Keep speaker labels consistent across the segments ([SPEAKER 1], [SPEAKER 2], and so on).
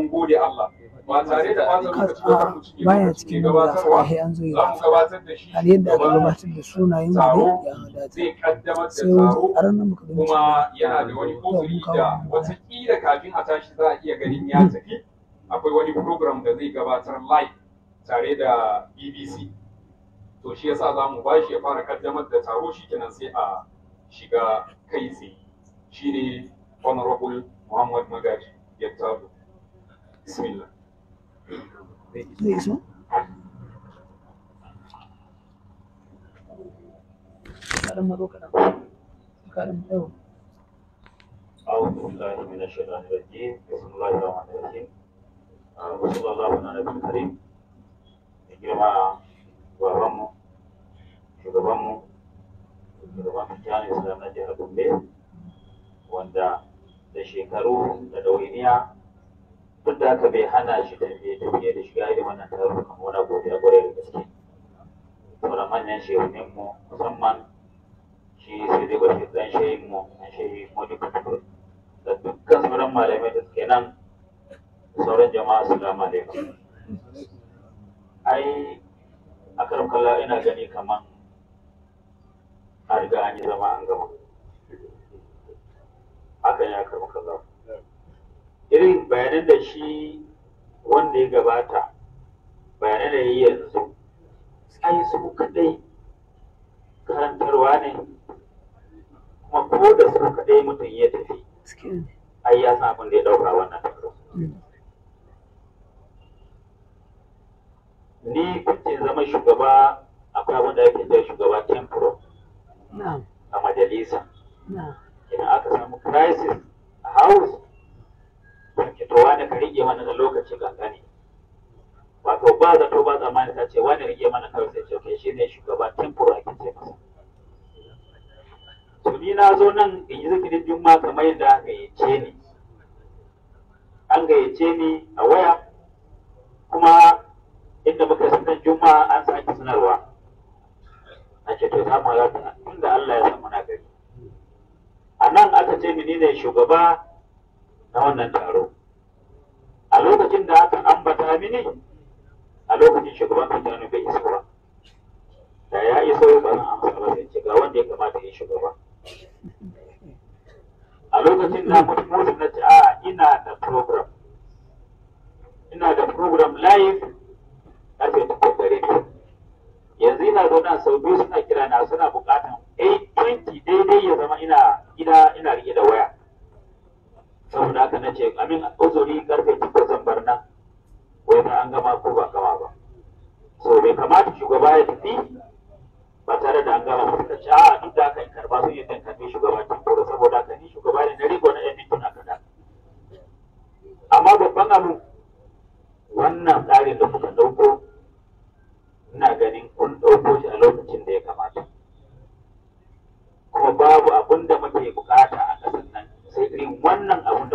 [SPEAKER 1] mun gode Allah ba tare da ɓata lokaci ba har ah, mu cike baya cikin gabatarwa za mu
[SPEAKER 2] gabatar da shi har yadda aka gabatar da sunayen mu
[SPEAKER 1] ya zai kaddamar da taro
[SPEAKER 2] kuma yana da wani kofuri da wata kila kafin a tashi za a iya ganin ya tafi
[SPEAKER 1] akwai wani program da zai gabatar live tare da BBC to shi yasa za mu bashi ya fara kaddamar da taro shi kenan sai a shiga kai tsaye shine honorable Muhammad Magaji ya taro
[SPEAKER 2] Bismillah. Ne iso? Karam maro karam. Karam maro. Awu kumdani mina shirani rajim. Bismillahi rahman rajim. Rasulullah wa nabi karim. Ijima wa ramu. Shuga ramu.
[SPEAKER 3] duk da haka bai hana shi da mai tafiye da shiga irin wannan taro kamar wani godiya kwarai da gaske sauran manyan shehunin mu musamman shi sai dai bashi dan shehin mu dan shehin mu duka da dukkan sauran malamai da suke nan sauran jama'a assalamu alaikum ai a karam kalla ina gani kaman a riga an yi zama an gama hakan ya karam kalla irin bayanan da shi wanda ya gabata bayanan da ya yi yanzu tsayi su kadai karantarwa ne
[SPEAKER 2] kuma ko da su kadai mutum ya tafi
[SPEAKER 3] ai ya san abin da ya dauka wannan taro
[SPEAKER 2] mm. ni kuke zama shugaba akwai abin da ake cewa shugaba temporal a majalisa idan aka samu crisis a house ke to wane ka rige mana da lokaci gangane
[SPEAKER 3] wato ba to ba tsammani ta ce wani rige mana kawai sai ce kai shine shugaba temporary ake ce masa to ni na zo nan in yi zikirin juma kamar yadda aka ce ni an gayyace ni a waya kuma inda muka sanar juma an sake sanarwa a ce to samu za ta tunda Allah ya san muna gari a nan aka ce mini ne shugaba na wannan taro a lokacin da aka ambata mini a lokacin shugaban kantano bai isa ba da ya sauri ba zan amsa ba sai ga wanda ya kamata ya shugaba a lokacin na mutu mutu na ce a ina da program ina da program live a ce ta kokare yanzu ina zo nan sau biyu suna kira na suna bukatan 820 eh, daidai ya zama ina ina ina rike da waya saboda haka na ce amin uzuri karfe takwas zan bar nan wai ba an gama ko ba gama ba so bai kamata shugaba ya tafi ba tare da an gama ba suka ce a ah, duk da aka karba sun yi kan karbi shugaba tun kura saboda haka ni shugaba ne na riko na yan aka da. amma babban abu wannan tsarin da kuka ɗauko ina ganin kun ɗauko shi a lokacin da ya kamata kuma babu abin da wannan abu da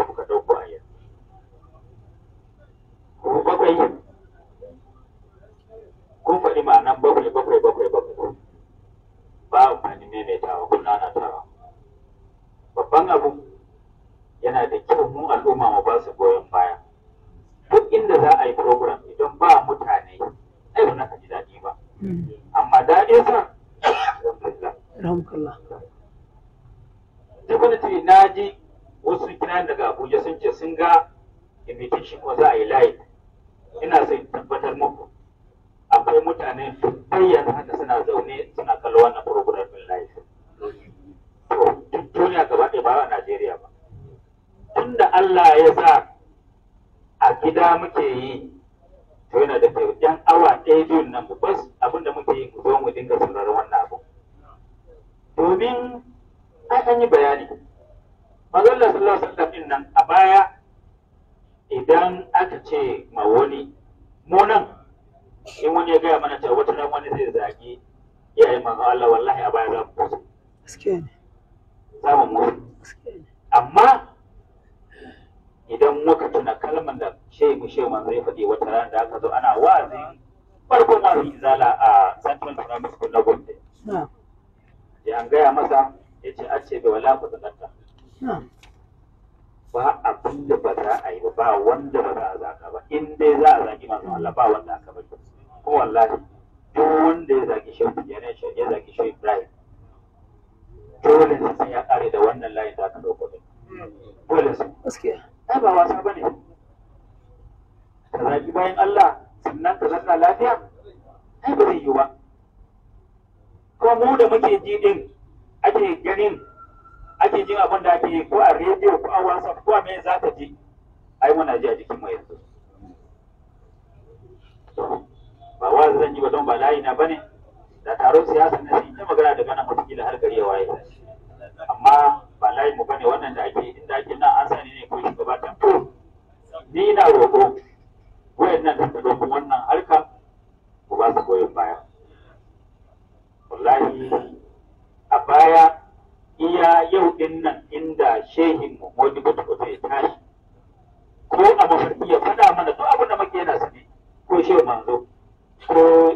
[SPEAKER 2] wani ya gaya mana cewa wata ran wani zai zagi iyayen manzo Allah wallahi a bayan za mu mutu gaskiya ne za mu mutu amma idan muka tuna
[SPEAKER 3] kalmar da shehu shehu manzo ya faɗi wata ran da aka zo ana wazin farkon wazin izala a Central Islamic School na Gombe ya an gaya masa ya ce a ce bai wala ku tsakanta ba abin da ba za a yi ba ba wanda ba za a zaka ba in dai za a zaki masu Allah ba wanda aka bari ko wallahi duk wanda ya zaki shehu tijjani ya zaki shehu ibrahim dole ne sai ya kare da wannan layin da aka dauko din
[SPEAKER 2] dole su gaskiya
[SPEAKER 3] ai ba wasa bane ka zaki bayan Allah sannan ka zanna lafiya ai ba zai yi ba ko mu da muke ji din ake ganin ake jin abin da ake ko a rediyo ko a whatsapp ko a me za ka ji ai muna ji a jikin mu yanzu ba wa zan ji ba don ba layi na bane da taron siyasa na sun ta magana daga nan wataƙila har gari ya waye amma ba layi mu bane wannan da ake inda ake nan an sani ne ko shugaba tamfo ni na roƙo wayannan da ta ɗauki wannan harka ku ba su goyon baya wallahi a baya iya yau din nan inda shehin mu wani mutu ya tashi ko a mafarki ya faɗa mana duk abin da muke yana sani ko shehu manzo Oh.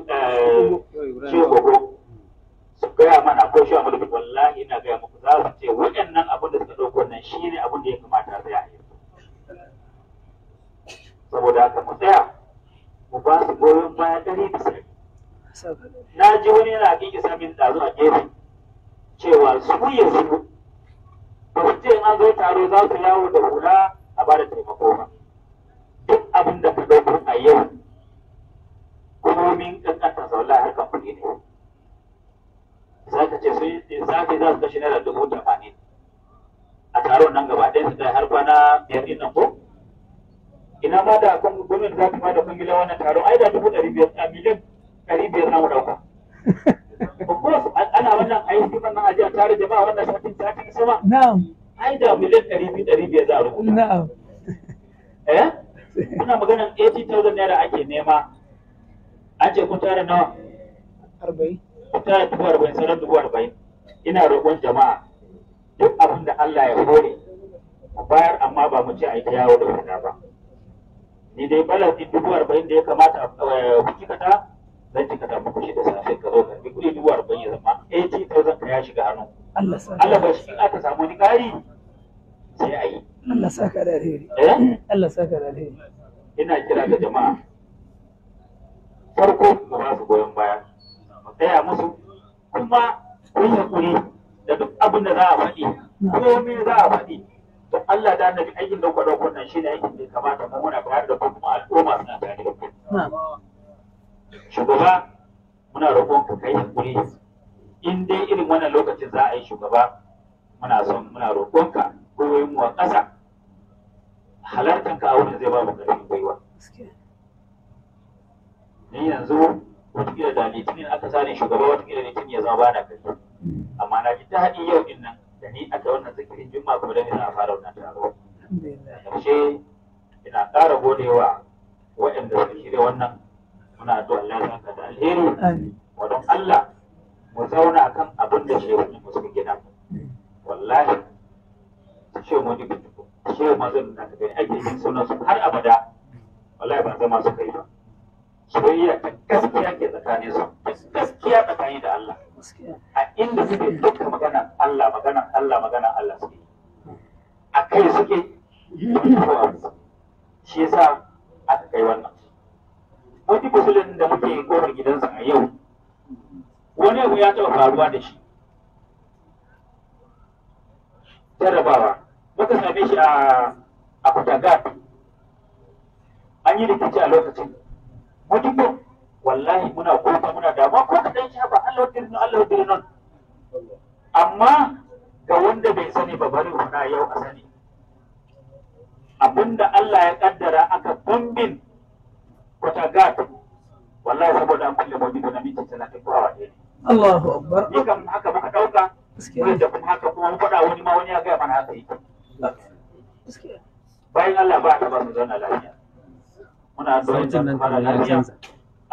[SPEAKER 3] ni dai balafin dubu arba'in da ya kamata a eh, ku kata zan cikata muku shi da safe ka zo karbi kuɗi dubu arba'in ya zama 80,000 ka ya shiga hannu Allah ba shi in aka samu ni ƙari sai a yi Allah ka da alheri eh? Allah ka da alheri ina kira ga jama'a farko ba ba su goyon baya Ba tsaya musu kuma kun yi kuri da duk abin da za a faɗi komai za a faɗi da Allah da annabi aikin da kwado kun shi ne aikin da kamata mu muna bayar da kuma al'umma suna tare da ku.
[SPEAKER 2] Shugaba muna roƙon ka kai hakuri in dai irin wannan lokacin za a yi shugaba muna son muna roƙon ka
[SPEAKER 3] goyon mu a ƙasa halartan ka a wurin zai ba mu ƙarfin gwiwa. Ni yanzu wataƙila da litinin aka sani shugaba wataƙila litinin ya zama ba na gari amma na ji daɗin yau din nan da ni aka wannan zikirin juma'a kuma dan ina fara wannan taro karshe ina ƙara godewa waɗanda suka shirya wannan muna addu'a Allah ya saka da alheri wadan Allah mu zauna kan abin da shehu ne suka gina wallahi shehu mu duk shehu mazan da ka gani ake yin sunan su har abada wallahi ba zama su kai ba soyayya ta gaskiya ke tsakanin su gaskiya tsakani da Allah a inda suke dukkan magana Allah magana Allah magana Allah suke a kai suke shi yasa aka kai wannan wani musulun da muke kofar gidansa a yau wani abu ya taɓa faruwa da shi jarrabawa muka same shi a a an yi rikici a lokacin matuƙo wallahi muna kofa muna damuwa ko kaɗan shi ba Allah dirnu Allah dirnu amma ga wanda bai sani ba bari huna yau a sani abinda Allah ya kaddara aka bambin kwata gata wallahi saboda an kulle mabibu na minti tana kai awa ɗaya
[SPEAKER 2] Allahu Akbar ni kam haka muka dauka wani da kuma haka kuma faɗa wani ma wani ya gaya mana haka yi
[SPEAKER 3] bayan Allah ba ta ba mu zauna lafiya muna sautin nan kamar lafiya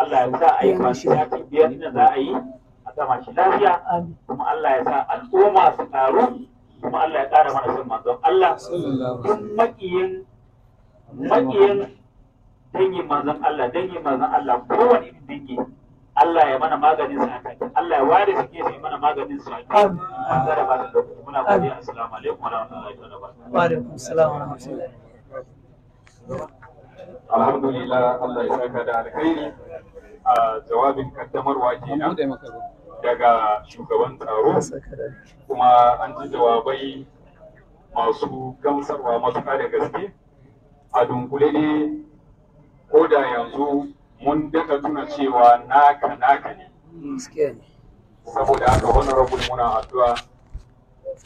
[SPEAKER 3] Allah ya sa a yi masu yafi biyar da za a yi a
[SPEAKER 2] sama shi lafiya kuma Allah ya sa al'umma
[SPEAKER 3] su taru kuma Allah ya ƙara mana son manzon Allah kun makiyin makiyin dangin manzon Allah dangin manzon Allah kowane irin dangi Allah ya mana maganin sa Allah ya ware su gefe mana maganin sa haka an zara ba da lokaci muna godiya assalamu
[SPEAKER 1] alaikum wa rahmatullahi wa
[SPEAKER 2] barakatuh wa alaikum assalam wa rahmatullahi
[SPEAKER 1] alhamdulillah Allah ya saka da alkhairi a jawabin kaddamarwa kenan daga shugaban tsaro kuma an ji jawabai masu gamsarwa matuƙa da gaske a dunkule ne ko da yanzu mun daga tuna cewa naka naka ne saboda haka wani rabu muna addu'a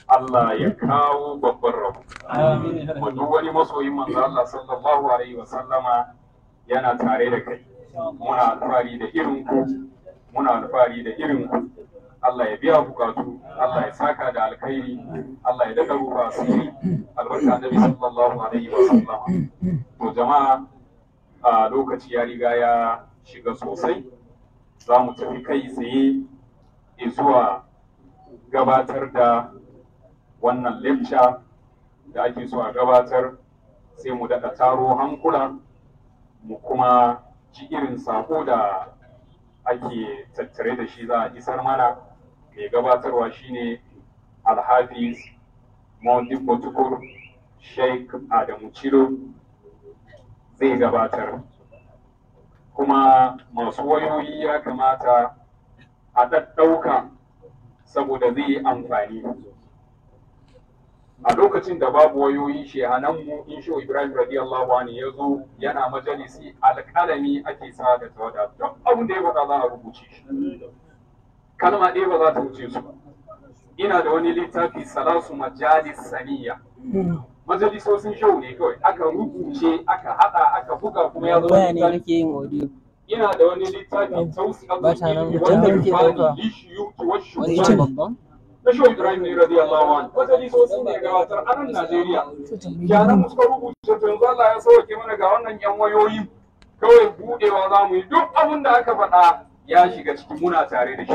[SPEAKER 1] Allah ya kawo babban rabu. Kuma wani masoyin manzo Allah sallallahu alaihi wa sallama yana tare da kai. Muna alfahari da irin ku, muna alfahari da irin ku. Allah ya biya bukatu, Allah ya saka da alkhairi, Allah ya daga ruwa asiri, albarka Annabi sallallahu alaihi wa sallama. To jama'a a lokaci ya riga ya shiga sosai za mu tafi kai tsaye zuwa gabatar da wannan lecture da ake so a gabatar sai mu daɗa taro hankula mu kuma ji irin sako da ake tattare da shi za a isar mana mai gabatarwa shine alhafiz maudin tukur sheik adamu ciro zai gabatar kuma masu wayoyi ya kamata a ɗaɗɗauka saboda zai yi amfani a lokacin da babu wayoyi shehanan mu in shehu ibrahim radiyallahu anhu ya zo yana majalisi alƙalami ake sa da tawada don abin da ya faɗa za a rubuce shi kalma ɗaya ba za ta wuce su ba ina da wani littafi salasu majalis saniya majalisosin shehu ne kawai aka rubuce aka haɗa aka buga kuma ya zama ne yin ina da wani littafi tausi abu ne wanda ya fara lishiyu tuwa shugaban na Shehu Ibrahim ne radiyallahu anhu wata sosai ne gabatar a Najeriya yaran mu suka rubuta to yanzu Allah ya sauke mana ga wannan yan wayoyi kawai budewa za mu yi duk abin da aka faɗa ya shiga cikin muna tare da shi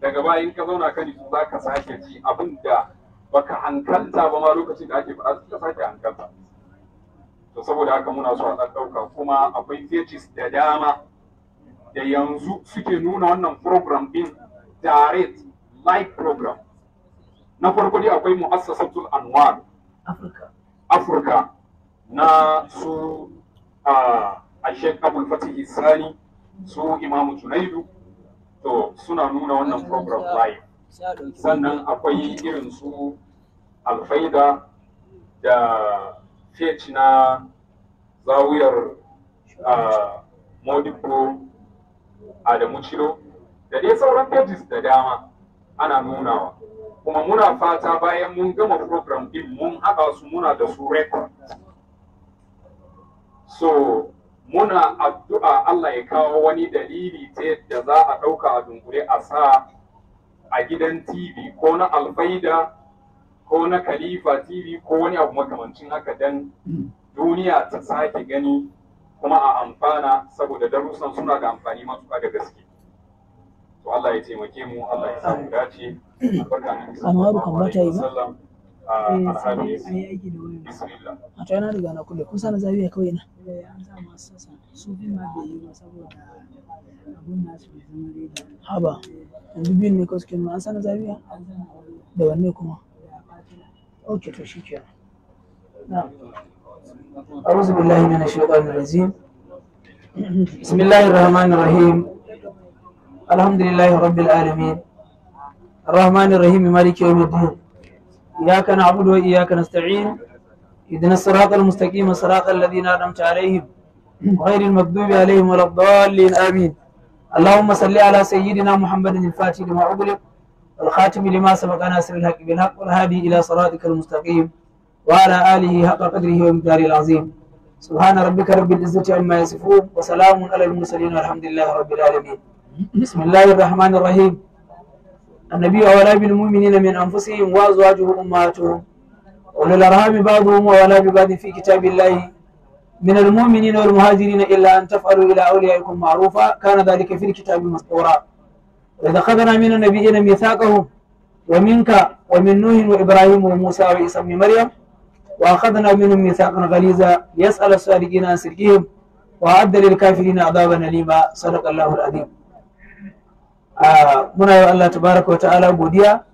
[SPEAKER 1] daga bayan ka zauna kan su za ka sake ji abin da baka hankalta ba ma lokacin da ake faɗa suka sake hankalta to saboda haka muna so a ɗauka kuma akwai thesis da dama da yanzu suke nuna wannan program ɗin, direct live program na farko dai akwai mu'assasatul anwar afirka na su a sheik abul fatih sani su imamu junaidu to suna nuna wannan program live sannan akwai irin su alfaida da feci na zawuyar modibo adamu ciro da dai sauran pages da dama ana nunawa kuma muna fata bayan mun gama program din mun haɗa su muna da su record so muna addu'a Allah ya kawo wani dalili ta yadda za a ɗauka a dunkule a sa a gidan TV ko na alfaida ko na khalifa TV ko wani abu makamancin haka dan duniya ta sake gani kuma a amfana saboda darussan suna da amfani matuƙa da gaske to Allah ya taimake mu Allah ya samu dace
[SPEAKER 2] anwaru kan bata yi ba eh, eh, a ta yana riga na kulle na zaɓi zabiya kawai na eh, haba yanzu biyun ne kawai suke an zaɓi zabiya da wanne kuma ok to shi ke أعوذ بالله من الشيطان الرجيم بسم الله الرحمن الرحيم الحمد لله رب العالمين الرحمن الرحيم مالك يوم الدين إياك نعبد وإياك نستعين إذن الصراط المستقيم صراط الذين أنعمت عليهم غير المكذوب عليهم ولا الضالين آمين اللهم صل على سيدنا محمد الفاتح لما أغلق الخاتم لما سبق ناصر الحق بالحق والهادي إلى صراطك المستقيم وعلى آله حق قدره ومقداره العظيم سبحان ربك رب العزة عما يصفون وسلام على المرسلين والحمد لله رب العالمين بسم الله الرحمن الرحيم النبي أولى بالمؤمنين من أنفسهم وأزواجه أمهاتهم أولو الأرحام بعضهم وأولى ببعض في كتاب الله من المؤمنين والمهاجرين إلا أن تفعلوا إلى أوليائكم معروفا كان ذلك في الكتاب مسطورا وإذا أخذنا من النبيين ميثاقهم ومنك ومن نوح وإبراهيم وموسى وعيسى بن مريم وأخذنا منهم ميثاقا غليظا يسأل الصادقين عن سرقهم وأعد للكافرين عذابا أليما صدق الله العظيم muna yi Allah tabaraka wa ta'ala godiya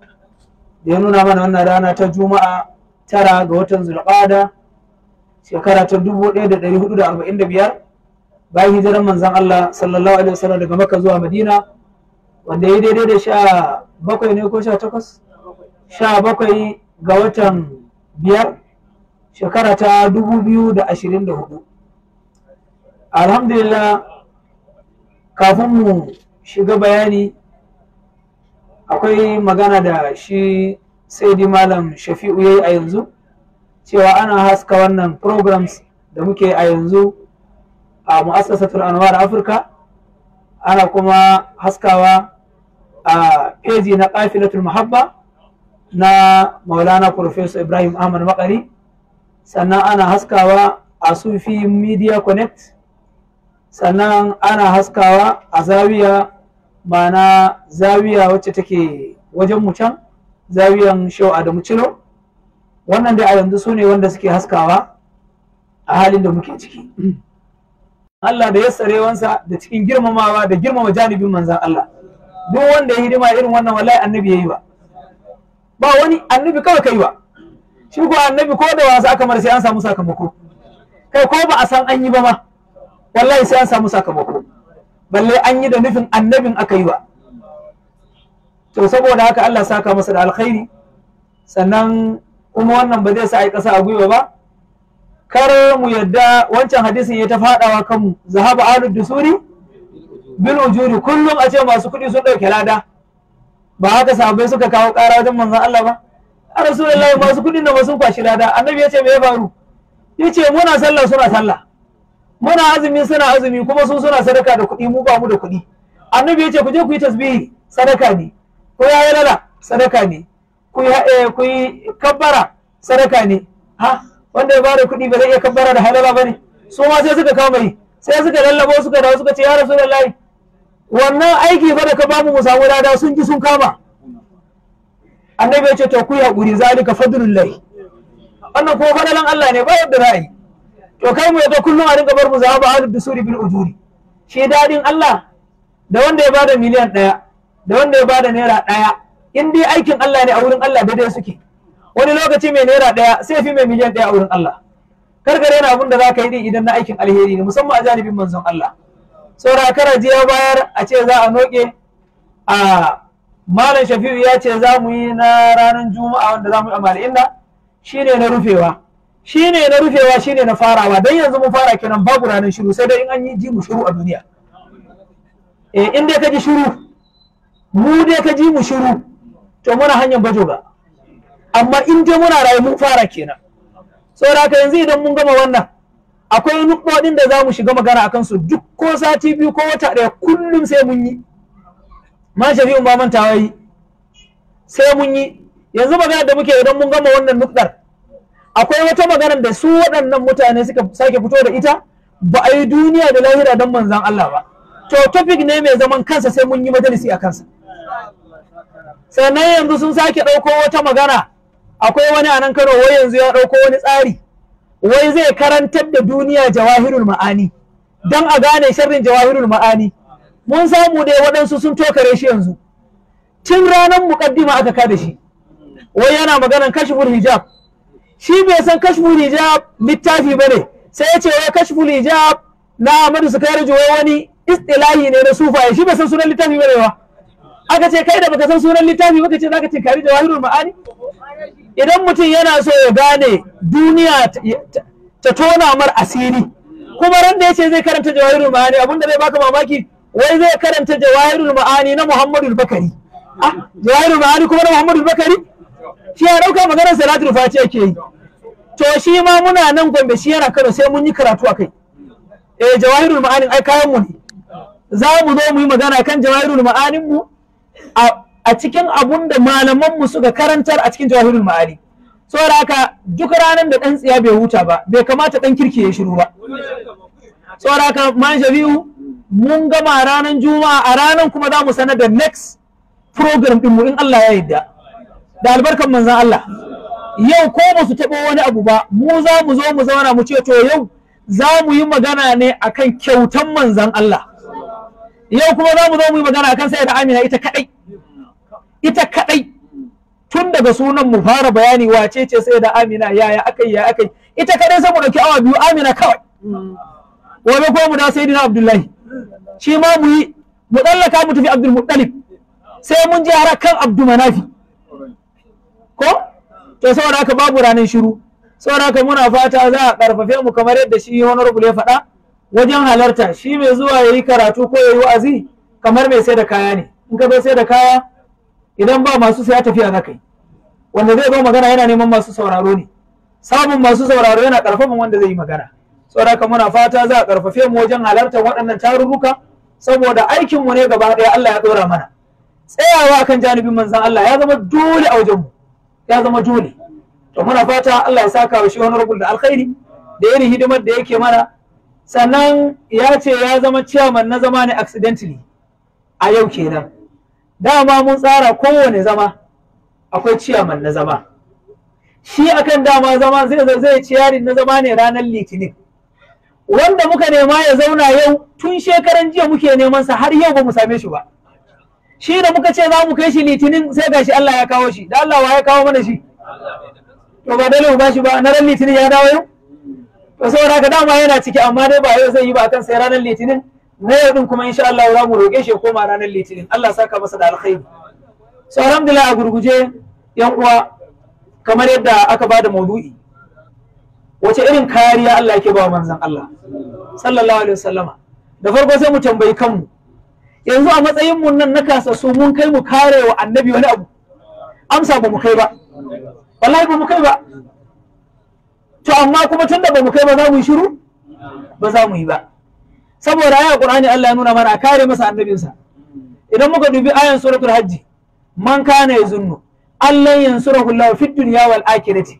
[SPEAKER 2] da ya nuna mana wannan rana ta juma'a tara ga watan zulqada shekara ta biyar. bayan hijiran manzon Allah sallallahu alaihi wasallam daga Makka zuwa Madina wanda ya daidai da sha bakwai ne ko sha takwas sha bakwai ga watan biyar shekara ta dubu biyu da da ashirin hudu. alhamdulillah kafin mu shiga bayani akwai magana da shi sai di malam shafi'u ya yi a yanzu cewa ana haska wannan programs da muke a yanzu a mu'assasatul anwar afirka ana kuma haskawa a peji na kafilatul muhabba na maulana professor ibrahim ahmad makari sannan ana haskawa a sufi media connect sannan ana haskawa a zawiya ma'ana zawiya wacce take wajen mu can zawiyan shau adamu cilo wannan dai a yanzu su ne wanda suke haskawa a halin da muke ciki Allah da yassarewansa da cikin girmamawa da girmama janibin manzan Allah duk wanda ya hidima irin wannan wallahi annabi yayi ba ba wani annabi kawai kai ba shi ko annabi ko da wasa aka sai an samu sakamako kai ko ba a san an yi ba ma wallahi sai an samu sakamako balle an yi da nufin annabin aka yi wa to saboda haka Allah saka masa da alkhairi sannan kuma wannan ba zai sa a yi ƙasa a gwiwa ba kar mu yadda wancan hadisin ya ta faɗawa kanmu zahaba alud dusuri bil ujuri kullum a ce masu kuɗi sun ɗauke lada ba haka sahabbai suka kawo ƙara wajen manzon Allah ba a rasulullahi masu kuɗin da ba sun kwashi lada annabi ya ce me ya faru yace muna sallah suna sallah muna azumi suna azumi kuma sun suna sadaka da kuɗi mu ba mu da kuɗi annabi yace ku je ku yi tasbihi sadaka ne ku ya yalala sadaka ne ku eh, ku yi kabbara sadaka ne ha wanda ya bada kuɗi ba zai iya kabbara da halala bane su ma sai suka kama yi sai suka lallabo suka dawo suka ce ya rasulullahi wannan aiki fa da ka bamu mu samu lada sun ji sun kama annabi yace ce to ku yi haƙuri zalika fadlullahi wannan ko fadalan Allah ne ba yadda za a yi to kai mu yazo kullum a rinka bar mu zaba hadu dusuri bil ujuri shi dadin Allah da wanda ya bada miliyan ɗaya da wanda ya bada naira ɗaya in dai aikin Allah ne a wurin Allah da dai suke wani lokaci mai naira ɗaya sai fi mai miliyan ɗaya a wurin Allah karkare na abin da za ka yi idan na aikin alheri ne musamman a janibin manzon Allah saura kara ya bayar a ce za a noke a malam shafi'u ya ce za mu yi na ranar juma'a wanda za mu yi a Shi shine na rufewa shine na rufewa shine na farawa dan yanzu mun fara kenan babu ranar shiru sai dai in an yi ji mu shiru a duniya eh in dai ka ji shiru mu dai ka ji mu shiru to muna hanyar ga amma in dai muna rayu mun fara kenan saboda haka yanzu idan mun gama wannan akwai nukɗoɗin da za mu shiga magana akan su duk ko sati biyu ko wata ɗaya kullum sai mun yi ma shafi'un ba mantawa yi sai mun yi yanzu magana da muke idan mun gama wannan nukdar akwai wata magana da su waɗannan mutane suka sake fito da ita ba a yi duniya da lahira don manzan Allah ba to topic ne mai zaman kansa sai mun yi majalisi a kansa sannan yanzu sun sake ɗauko wata magana akwai wani a nan Kano wai yanzu ya ɗauko wani tsari wai zai karantar da duniya jawahirul ma'ani don a gane sharrin jawahirul ma'ani mun samu dai waɗansu sun tokare shi yanzu tun ranar muƙaddima aka kada shi wai yana maganan kashiful hijab shi bai san kashful hijab littafi bane sai ya ce wai kashful hijab na Ahmadu Sukairiju wai wani istilahi ne na sufaye shi bai san sunan littafi bane ba aka ce kai da baka san sunan littafi baka ce zaka tinkari wahirul ma'ani idan mutum yana so ya gane duniya ta tona mar asiri kuma ran da yace zai karanta jawahirul ma'ani abinda zai baka mamaki wai zai karanta jawahirul ma'ani na Muhammadu Bakari ah jawahirul ma'ani kuma na Muhammadu Bakari shi ya dauka maganar salatul fati yake yi to shi ma muna nan gombe shi yana kano sai mun yi karatu a kai eh jawahirul ma'anin ai kayan mu ne za mu zo mu yi magana kan jawahirul ma'anin mu a cikin abunda da malaman mu suka karantar a cikin jawahirul ma'ani saboda haka duk ranar da dan tsiya bai huta ba bai kamata dan kirki ya shiru ba saboda haka man jabiu mun gama ranar juma'a a ranar kuma za mu sanar da next program din mu in Allah ya yarda da albarkan manzan Allah yau ko ba su taɓo wani abu ba mu za mu zo mu zauna mu ce to yau za mu yi magana ne akan kyautan manzan Allah yau kuma za mu zo mu yi magana akan sai da amina ita kaɗai ita kaɗai tun daga sunan mu fara bayani wace ce sai da amina yaya yi ya yi ita kaɗai sai mu ɗauki awa biyu amina kawai gobe ko mu da sai dina abdullahi shi ma mu yi mu tsallaka mu tafi abdul sai mun ji har kan Abdul manafi ko to saboda haka babu ranar shiru saboda haka muna fata za a karfafe mu kamar yadda shi honorable ya faɗa wajen halarta shi mai zuwa ya yi karatu ko ya yi wa'azi kamar mai sai da kaya ne in ka zo sai da kaya idan ba masu ya tafiya za ka yi wanda zai zo magana yana neman masu sauraro ne samun masu sauraro yana karfafan wanda zai yi magana saboda haka muna fata za a karfafe mu wajen halartar waɗannan tarurruka saboda aikinmu ne gaba ɗaya Allah ya ɗora mana tsayawa kan janibin manzon Allah ya zama dole a wajenmu ya zama dole to muna fata Allah ya saka wa shi wani rubul da alkhairi da irin hidimar da yake mana sannan ya ce ya zama ciyaman na zama ne accidentally a yau kenan dama mun tsara kowane zama akwai ciyaman na zama shi akan dama zama zai zai ciyarin na zama ne ranar litinin
[SPEAKER 1] wanda muka nema ya zauna yau
[SPEAKER 2] tun shekaran jiya muke neman sa har yau ba mu same shi ba shi da muka ce za mu kai shi litinin sai gashi Allah ya kawo shi da Allah wa ya kawo mana shi to ba dole mu ba shi ba na ran litinin ya dawo yau to saboda ka dama yana ciki amma dai ba yau zai yi ba kan sai ranar litinin na yau din kuma insha Allah za mu roƙe shi koma ranar litinin Allah saka masa da alkhairi so alhamdulillah a gurguje yan uwa kamar yadda aka ba da maudu'i wace irin kariya Allah yake ba manzon Allah sallallahu alaihi wasallama da farko sai mu tambayi kanmu yanzu a matsayin mu nan na kasassu mun kai mu kare wa annabi wani abu amsa ba mu kai ba wallahi ba mu kai ba to amma kuma tun da ba mu kai ba za mu yi shiru ba za mu yi ba saboda aya qur'ani Allah ya nuna mana a kare masa annabinsa idan muka dubi ayan suratul hajji man kana yazunnu Allah yansurahu Allah fid dunya wal akhirati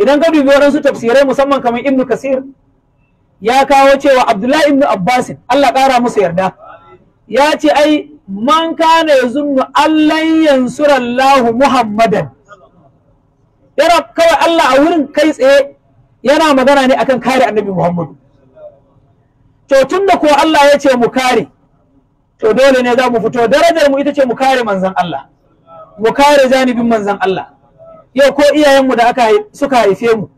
[SPEAKER 2] idan ka dubi waɗansu tafsirai musamman kamar ibnu kasir ya kawo cewa abdullahi ibnu abbasin Allah ƙara musu yarda ya ce ai man kana zunnu allan yansurallahu muhammadan yana kawai Allah a wurin kai tsaye yana magana ne akan kare annabi muhammadu to tun da ko Allah ya ce mu kare to dole ne za mu fito darajar mu ita ce mu kare manzan Allah mu kare janibin manzan Allah yau ko iyayenmu da aka suka haife mu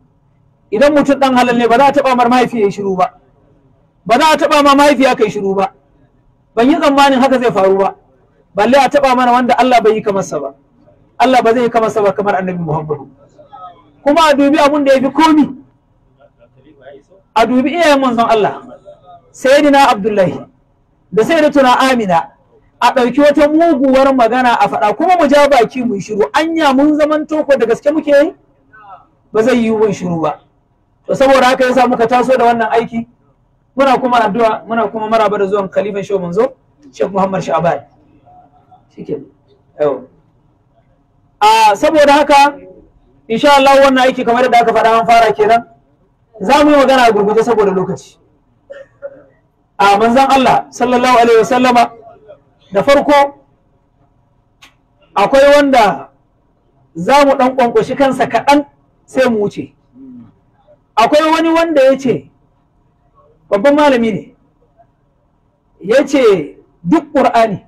[SPEAKER 2] idan mutum dan halal ne ba za a taba mar mahaifi ya shiru ba ba za a taba ma mahaifiya kai shiru ba ban yi tsammanin haka zai faru ba balle a taba mana wanda Allah bai yi kamarsa ba Allah ba zai yi kamarsa ba kamar annabi Muhammadu kuma a dubi abun da ya fi komi a dubi iyayen manzon Allah sayyidina Abdullahi da sayyidatuna Amina a ɗauki wata muguwar magana a faɗa kuma mu ja baki mu shiru anya mun zaman toko da gaske muke yi ba zai yi mun shiru ba to saboda haka yasa muka taso da wannan aiki muna kuma addu'a muna kuma maraba da zuwan Khalifa shehu manzo Sheikh Muhammad Sha'ban shike yau a saboda haka insha Allah wannan aiki kamar da aka faɗa an fara kenan za mu yi magana gurguje saboda lokaci a manzon Allah sallallahu alaihi wasallama da farko akwai wanda za mu ɗan ƙwanƙwashi kansa kaɗan sai mu wuce akwai wani wanda ya ce babban malami ne ya ce duk ƙur'ani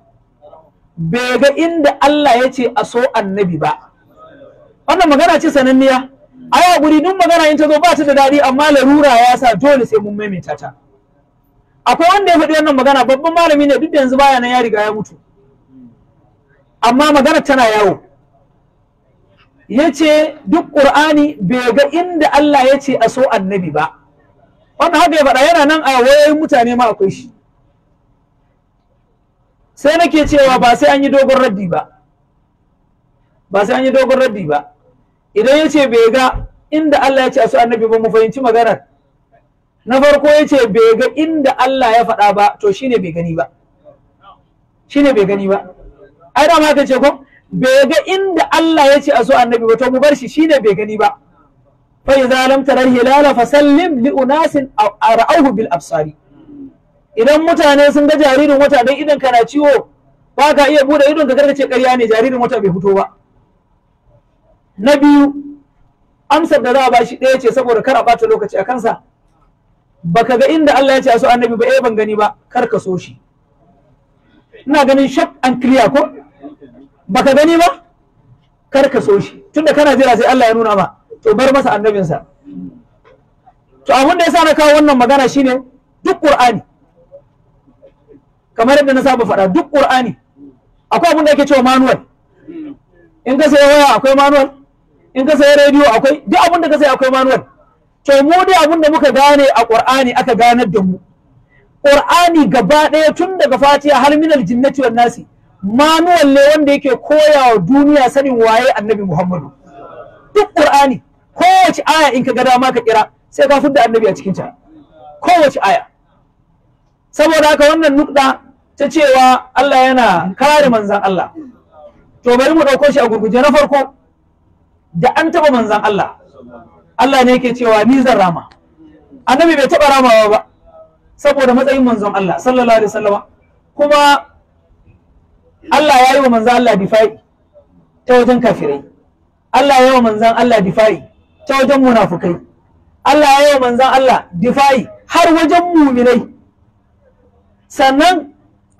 [SPEAKER 2] bai ga inda Allah ya ce a so annabi ba wannan magana ce sananniya a guri duk magana in ta zo ba ta da daɗi amma larura ya sa dole sai mun maimaita ta akwai wanda ya faɗi wannan magana babban malami ne duk yanzu baya nan ya riga ya mutu amma magana tana yawo ya ce duk ƙur'ani bai ga inda Allah ya ce a so annabi ba wannan haka ya faɗa yana nan a wayoyin mutane ma akwai shi sai nake cewa ba sai an yi dogon raddi ba ba sai an yi dogon raddi ba idan ya ce bai ga inda Allah ya ce a su annabi ba mu fahimci maganar na farko ya ce bai ga inda Allah ya faɗa ba to shine bai gani ba shine bai gani ba ai da ma ka ce ko bai ga inda Allah ya ce a su annabi ba to mu bar shi shine bai gani ba فإذا لم ترى الهلال a لأناس bil بالأبصار idan mutane sun ga jaririn wata dan idan kana ciwo ba ka buɗe bude idon ka karkace karya ne jaririn wata bai fito ba na biyu amsar da za a bashi ɗaya ce saboda kar a ɓata lokaci a kansa baka ga inda Allah ya a so annabi ba eh ban gani ba kar ka so shi ina ganin shak an clear ko baka gani ba kar ka so shi tunda kana jira sai Allah ya nuna ba. tsobar bar masa annabinsa to abin da ya sa na kawo wannan magana shine duk qur'ani kamar yadda na saba faɗa duk qur'ani akwai abin da yake cewa manual in ka sayi waya akwai manual in ka sayi rediyo akwai duk abin da ka sayi akwai manual to mu dai abin da muka gane a qur'ani aka ganar da mu qur'ani gaba ɗaya tun daga fatiha har minal jinnati wan nasi manual ne wanda yake koya wa duniya sanin waye annabi muhammadu duk qur'ani kowace aya in ka ga dama ka kira sai ka fudda annabi a cikin ta kowace aya saboda haka wannan nukda ta cewa Allah yana kare manzan Allah to bari mu ɗauko shi a gurguje na farko da an taɓa manzan Allah Allah ne yake cewa ni zan rama annabi bai taɓa ramawa ba saboda matsayin manzon Allah sallallahu alaihi wasallam kuma Allah ya yi wa manzan Allah difa'i ta wajen kafirai Allah ya yi wa manzan Allah difa'i ta wajen munafukai Allah ya yi manzan Allah difa'i har wajen muminai sannan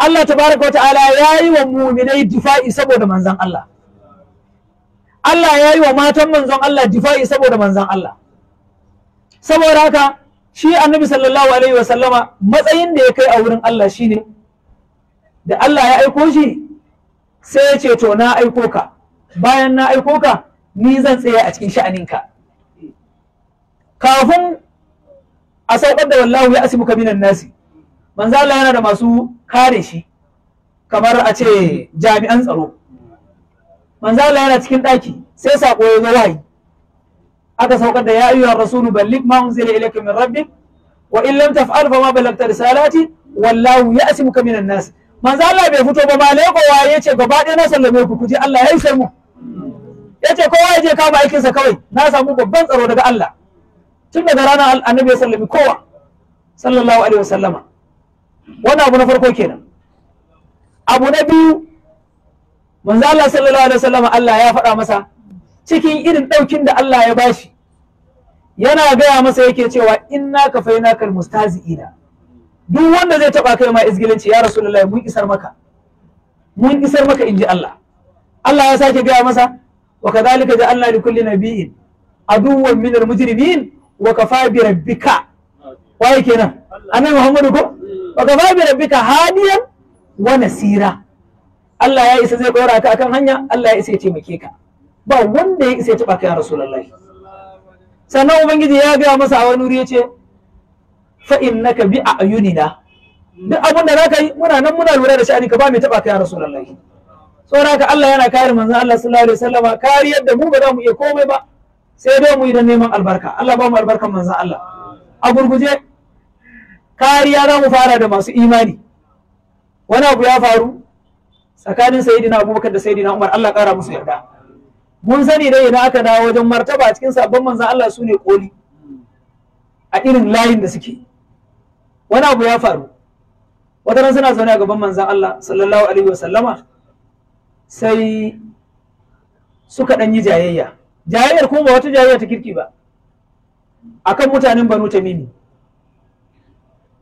[SPEAKER 2] Allah tabaraka wa ta'ala ya yi wa muminai difa'i saboda manzan Allah Allah ya yi wa matan manzan Allah difa'i saboda manzan Allah saboda haka shi annabi sallallahu alaihi wa sallama matsayin da ya kai a wurin Allah shine da Allah ya aiko shi sai ya ce to na aiko ka bayan na aiko ka ni zan tsaya a cikin sha'aninka kafin a saukar da wallahu ya asibuka minan nasi manzo Allah yana da masu kare shi kamar a ce jami'an tsaro manzo Allah yana cikin daki sai sako ya zo wahayi aka saukar da ya ayyuha rasulu balligh ma unzila ilayka min rabbik wa in lam taf'al fa ma ballagta risalati wallahu ya asibuka minan nasi manzo Allah bai fito ba ma lekowa ya ce gaba ɗaya na sallame ku kuje Allah ya yi mu ya ce kowa ya je kama aikinsa kawai na samu babban tsaro daga Allah tun daga ranar annabi ya sallami kowa sallallahu alaihi wasallama wannan abu na farko kenan abu na biyu manzo Allah sallallahu alaihi wasallama Allah ya faɗa masa cikin irin ɗaukin da Allah ya bashi yana gaya masa yake cewa inna ka faina kal mustazi'ina duk wanda zai taba kai ma izgilinci ya rasulullahi mun isar maka mun isar maka inji Allah Allah ya sake gaya masa wa kadhalika ja'alna li kulli nabiyyin aduwwan minal mujrimin Waka kafa bi rabbika waye kenan annabi Muhammadu ko Waka kafa bi rabbika hadiyan wa nasira Allah ya isa zai dora ka akan hanya Allah ya isa ya taimake ka ba wanda ya isa ya taba ka ya rasulullahi sannan ubangiji ya gaya masa a wani wuri ya ce fa innaka bi a'yunina duk abin da zaka yi muna nan muna lura da sha'ani ka ba mai taba ka ya rasulullahi saboda haka Allah yana kare manzon Allah sallallahu alaihi wasallama kariyar da mu ba za mu iya komai ba sai dai mu yi don neman albarka Allah ba mu albarkan manzan Allah a gurguje kariya za mu fara da masu imani wani abu ya faru tsakanin sayidina abubakar da sayidina umar Allah kara musu yarda mun sani dai idan aka dawo wajen martaba cikin sabon manzan Allah su koli a irin layin da suke wani abu ya faru wata ran suna zaune a gaban manzan Allah sallallahu alaihi wasallama sai suka ɗan yi jayayya jayayyar kuma ba wata jayayya ta kirki ba akan mutanen banu tamimi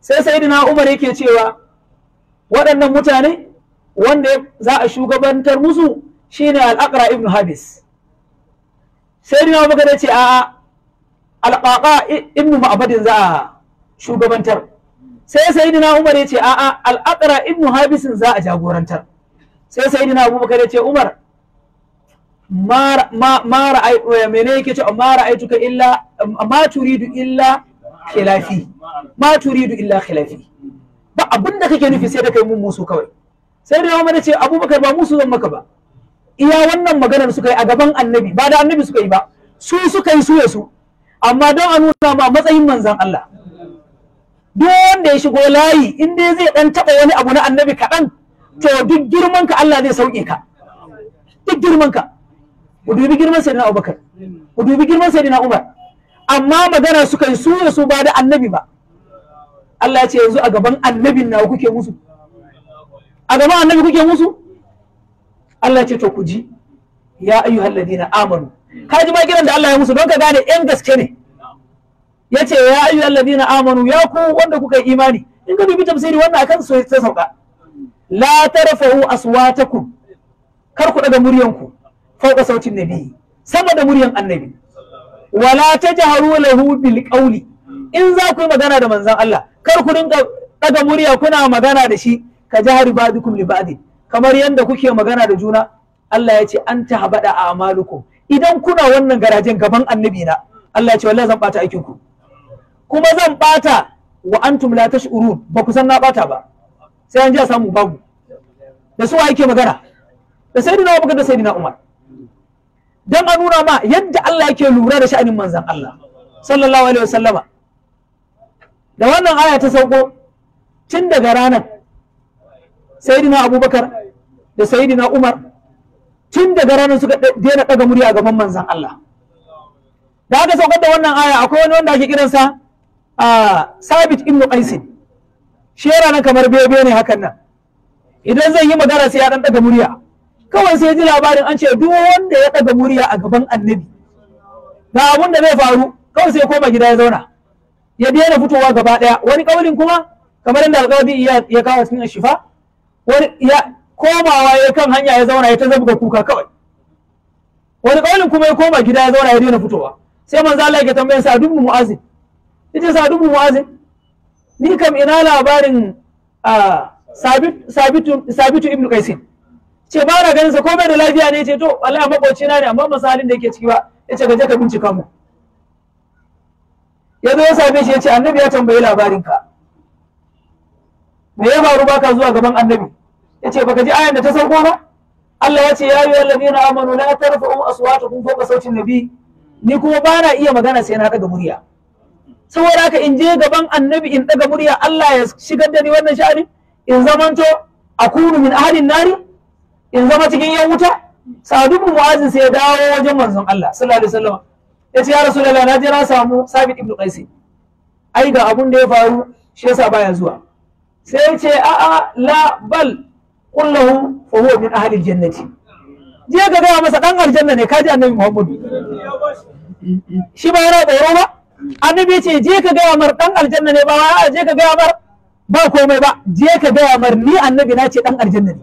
[SPEAKER 2] sai sayyidina umar yake cewa waɗannan mutane wanda za a shugabantar musu shine al-aqra ibn habis sai sayyidina abubakar ya ce a al-qaqa ibn ma'badin za a shugabantar sai sayyidina umar ya ce a al-aqra ibn habisin za a jagorantar sai sayyidina abubakar ya ce umar ma eh, yake cewa ma ra'aituka illa ma turidu illa khilafi ma turidu illa khilafi ba abin da kake nufi sai da kai mun musu kawai sai da Umar ce Abubakar ba musu zan maka ba iya wannan maganar suka yi a gaban annabi ba da annabi suka yi ba su suka yi su su amma don a nuna ma matsayin manzan Allah duk wanda ya shigo layi in dai zai dan taba wani abu na annabi kaɗan to duk girman ka Allah zai sauke ka duk girman ka ku dubi girman na Abubakar ku dubi girman na Umar amma magana suka yi su su ba da annabi ba Allah ya ce yanzu a gaban annabin na kuke musu a gaban annabi kuke musu Allah ya ce to ku ji ya ayyuhal ladina amanu ka ji ba kiran da Allah ya musu don ka gane yan gaske ne yace ya ayyuhal ladina amanu ya ku wanda kuka yi imani in ka dubi tafsiri wannan akan so ta sauka la tarfa'u aswatakum kar ku daga muryanku fawqa sautin nabi sama da annabi wala ta lahu bil qawli in zaku yi magana da manzan Allah kar ku rinka daga murya kuna magana da shi ka jahari ba'dukum li ba'd kamar yanda kuke magana da juna Allah ya ce an tahbada a'malukum idan kuna wannan garajen gaban annabi na Allah ya ce wallahi zan bata aikin ku kuma zan bata wa antum la tash'urun ba ku san na bata ba sai an ji a samu babu da su wa magana da sayyidina Abubakar da sayyidina Umar don a nuna ma yadda Allah yake lura da sha'anin manzan Allah sallallahu alaihi wasallama da wannan aya ta sauko tun daga ranar Sayyidina abubakar da Sayyidina umar tun daga ranar suka daina daga murya ga manzan Allah da aka saukar da wannan aya akwai wani wanda ake kiransa a sabit ibn qaisin shi ranar kamar bebe ne hakan nan idan zan yi magana sai ya dan daga murya kawai sai ji labarin an ce duk wanda ya daga murya a gaban annabi ga abun da zai faru kawai sai koma gida ya zauna ya daina fitowa gaba daya wani ƙaunin kuma kamar inda alƙawari ya kawo cikin shifa wani ya komawa ya kan hanya ya zauna ya ta zabga kuka kawai wani ƙaunin kuma ya koma gida ya zauna ya daina fitowa sai manzo Allah ya tambaye sa dubu mu'azin yace sa dubu mu'azin ni kam ina labarin ah, sabitu ibnu qaisin ce ba na ganin sa ko bai da lafiya ne ce to Allah makoci na ne amma misalin da yake ciki ba yace ga je ka bincika mu ya zo ya same shi yace annabi ya tambayi labarin ka me ya faru baka zuwa gaban annabi yace baka ji ayan da ta sauko ba Allah ya ce ya ayyuhal ladina amanu la tarfa'u aswatakum fawqa sautin nabi ni kuma ba na iya magana sai na daga murya saboda haka in je gaban annabi in daga murya Allah ya shigar da ni wannan sha'ani in zamanto akunu min ahadin nari in zama cikin yan wuta sa'adu bin mu'azin sai ya dawo wajen manzon Allah sallallahu alaihi wasallam ya ce ya rasulullahi na je na samu sabit ibn qaisi ai ga abun da ya faru shi yasa baya zuwa sai ya ce a a la bal kullahu fa huwa min ahli jannati je ga gaya masa dan aljanna ne kaji annabi Muhammad shi ba yana tsoro ba annabi ce je ka gaya mar dan aljanna ne ba je ka gaya mar ba komai ba je ka gaya mar ni annabi na ce dan aljanna ne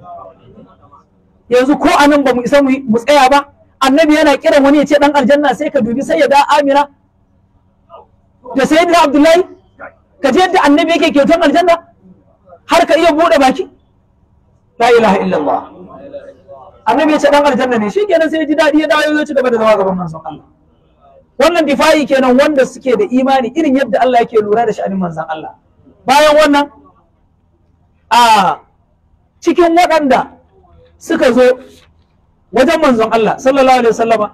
[SPEAKER 2] yanzu ko a nan ba mu isa mu tsaya ba annabi yana kiran wani ya ce dan aljanna sai ka dubi sai ya ga amina da sayyidina abdullahi ka je yadda annabi yake kyautar aljanna har ka iya bude baki la ilaha illallah annabi ya ce dan aljanna ne shi kenan sai ya ji daɗi ya dawo ya ci gaba da zama gaban manzon Allah wannan difa'i kenan wanda suke da imani irin yadda Allah yake lura da sha'anin manzon Allah bayan wannan a cikin waɗanda suka zo wajen manzon Allah sallallahu alaihi wasallama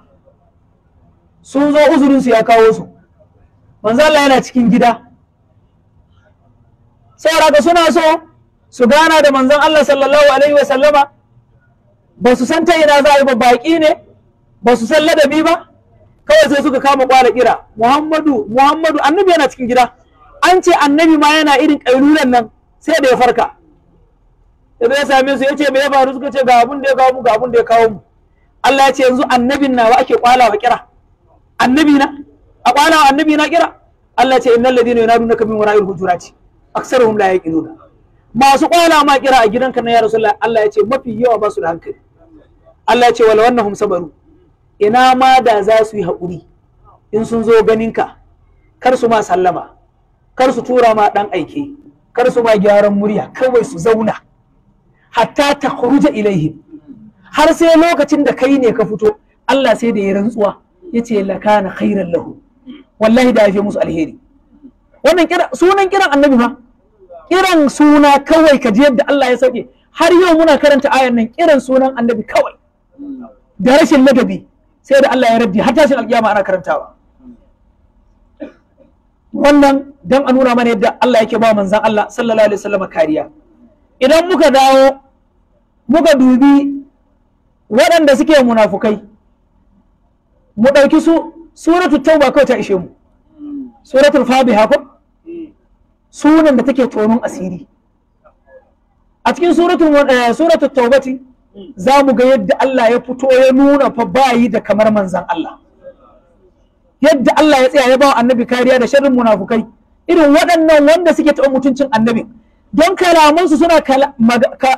[SPEAKER 2] sun zo uzurinsu ya kawo su manzon Allah yana cikin gida raka suna so su gana da manzon Allah sallallahu alaihi wasallama ba su san ta ina za a yi ba baƙi ne ba su san ladabi ba kawai sai suka kama kwala kira Muhammadu Muhammadu annabi yana cikin gida an ce annabi ma yana irin ƙailulan nan sai da ya farka yanzu ya same su ya ce me ya faru suka ce ga abun da ya kawo mu ga abun da ya kawo mu Allah ya ce yanzu annabin nawa ake kwalawa kira annabi na a kwalawa annabi na kira Allah ya ce innal ladina yunadunaka min wara'il hujurati aksaruhum la yaqiluna masu kwala ma kira a gidanka na ya rasulullah Allah ya ce mafi yawa ba su da hankali Allah ya ce wala wannahum sabaru ina ma da za su yi haƙuri in sun zo ganinka kar su ma sallama kar su tura ma ɗan aike kar su ma gyaran murya kawai su zauna hatta ta kuruja ilaihi har sai lokacin da kai ne ka fito Allah sai da ya rantsuwa ya ce lakana khairan lahu wallahi da ya fi musu alheri wannan sunan kiran annabi ma kiran suna kawai ka ji yadda Allah ya sauke har yau muna karanta ayar nan kiran sunan annabi kawai da rashin ladabi sai da Allah ya raddi har tashin alkiyama ana karantawa wannan dan a nuna mana yadda Allah yake ba manzan Allah sallallahu alaihi wasallam kariya idan muka dawo muka dubi waɗanda suke munafukai mu ɗauki su suratul tauba kawai ta ishe mu suratul fabi ko sunan da take tonon asiri a cikin suratul eh, suratul taubati za mu ga yadda Allah ya fito ya nuna fa bayi da kamar manzan Allah yadda Allah ya tsaya ya ba annabi kariya da sharrin munafukai irin waɗannan wanda suke taɓa mutuncin annabin don kalamansu suna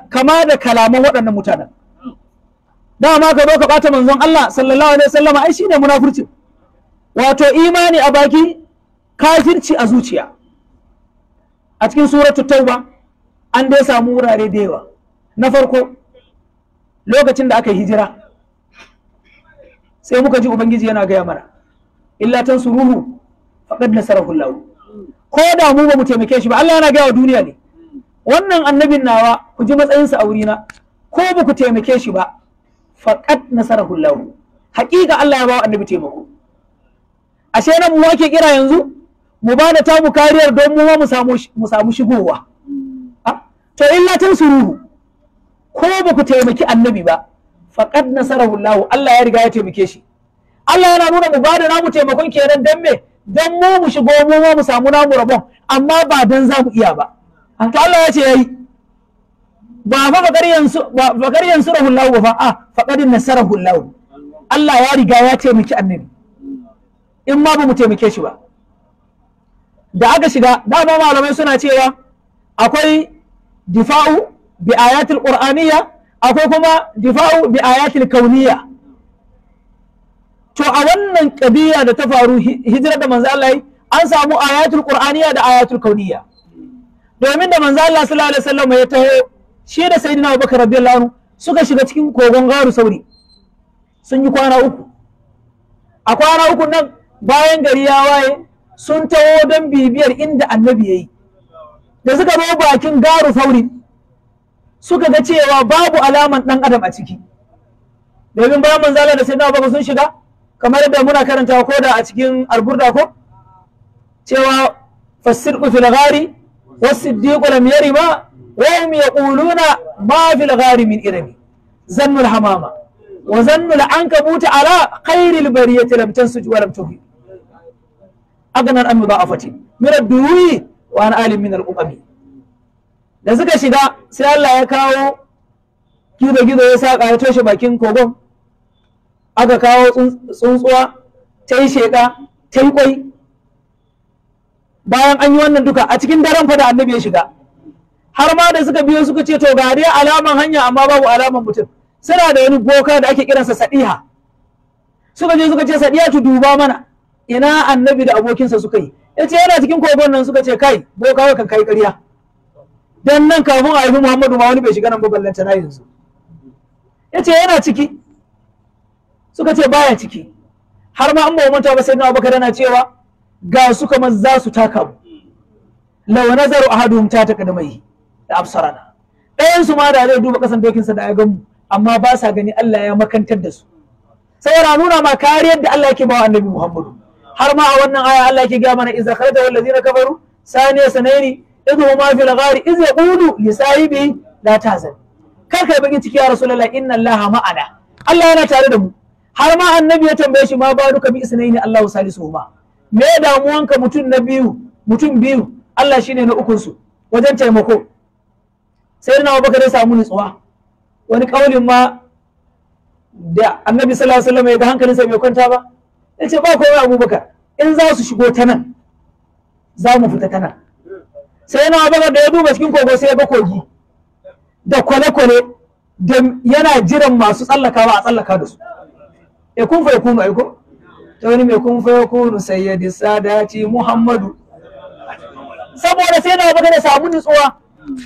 [SPEAKER 2] kama da kalaman waɗannan mutanen dama ka zo ka ɓata manzon Allah sallallahu alaihi wasallam ai shine munafurci wato imani a baki kafirci a zuciya a cikin suratul tauba an dai samu wurare da yawa na farko lokacin da aka yi hijira sai muka ji ubangiji yana gaya mana illa tansuruhu faqad nasarahu Allah ko da mu ba mu taimake shi ba Allah yana gaya wa duniya ne wannan annabin nawa ku ji matsayinsa a wurina ko ba ku taimake shi ba faqad nasarahu Allah haƙiƙa Allah ya ba annabi taimako ashe nan mu wake kira yanzu mu ba da mu kariyar don mu mu mu samu shigowa ah, to illa tan suruhu ko ba ku taimaki annabi ba faqad nasarahu Allah Allah ya riga ya taimake shi Allah yana nuna mu ba da namu taimakon kenan don me don mu mu shigo mu mu samu namu rabon amma ba dan za mu iya ba an Allah ya ce yayi ba fa bakar yansu bakar yansu ba fa a faqad nasarar Allah Allah ya riga ya taimaki annabi in ma ba mu taimake shi ba da aka shiga dama malamai suna cewa akwai difa'u bi ayatul qur'aniyya akwai kuma difa'u bi ayatul kauniyya to a wannan kabiya da ta faru hijira da manzo Allah an samu ayatul qur'aniyya da ayatul kauniyya domin da manzo Allah sallallahu alaihi wasallam ya taho shi da sayyidina Abubakar radiyallahu anhu suka shiga cikin kogon garu sauri sun yi kwana uku a kwana uku nan bayan gari ya waye sun taho don bibiyar inda annabi ya da suka zo bakin garu sauri suka ga cewa babu alaman dan adam a ciki domin bayan manzala da sayyidina Abubakar sun shiga kamar yadda muna karanta ko da a cikin alburda ko cewa fasirku fil ghari والصديق لم يرم وهم يقولون ما في الغار من إرم زن الحمامة وزن العنكبوت على خير البرية لم تنسج ولم تهي أغنى عن مضاعفة من الدروي وعن آل من الأمم da suka shiga sai Allah ya kawo gizo-gizo ya saƙa ya toshe bakin kogon aka kawo tsuntsuwa ta yi sheƙa ta yi kwai bayan an yi wannan duka a cikin daren fa da annabi ya shiga har ma da suka biyo suka ce to ga dai alaman hanya amma babu alaman mutum suna da wani boka da ake kiransa sadiha suka je suka ce sadiha tu duba mana ina annabi da abokinsa suka yi ya ce yana cikin kogon nan suka ce kai boka kan kai ƙarya dan nan kafin a yi muhammadu ma wani bai shiga nan ba ballanta na yanzu ya ce yana ciki suka ce baya ciki har ma an ba manta ba sai na abubakar yana cewa ga su kamar za su taka mu law nazaru ahaduhum ta takadmai da absarana ɗayan su ma da zai duba kasan dokinsa da ya gamu amma ba sa gani Allah ya makantar da su sai yana nuna ma kariyar da Allah yake bawa annabi Muhammadu har ma a wannan aya Allah yake ga mana idza khalaja wal ladina kafaru saniya sanaini idhuma fil ghari idza yaqulu li sahibi la tahzan kar kai bakin ciki ya rasulullah inna Allah ma'ana Allah yana tare da mu har ma annabi ya tambaye shi ma ba duka bi isnaini Allahu salisuhuma me damuwanka mutum na biyu mutum biyu Allah shine na ukunsu wajen taimako sai na baka ya samu nutsuwa wani kaulin ma da annabi sallallahu alaihi wasallam ya ga sa bai kwanta ba yace ce ba komai abubakar in za su shigo ta nan za mu fita ta nan sai na abubakar da ya duba cikin kogo sai ya ga kogi da kwale-kwale da yana jiran masu tsallakawa a tsallaka da su ya kun fa ya kuma aiko ta wani mai kun fa yakunu sayyidi sadati muhammadu saboda sai na baka da samu nutsuwa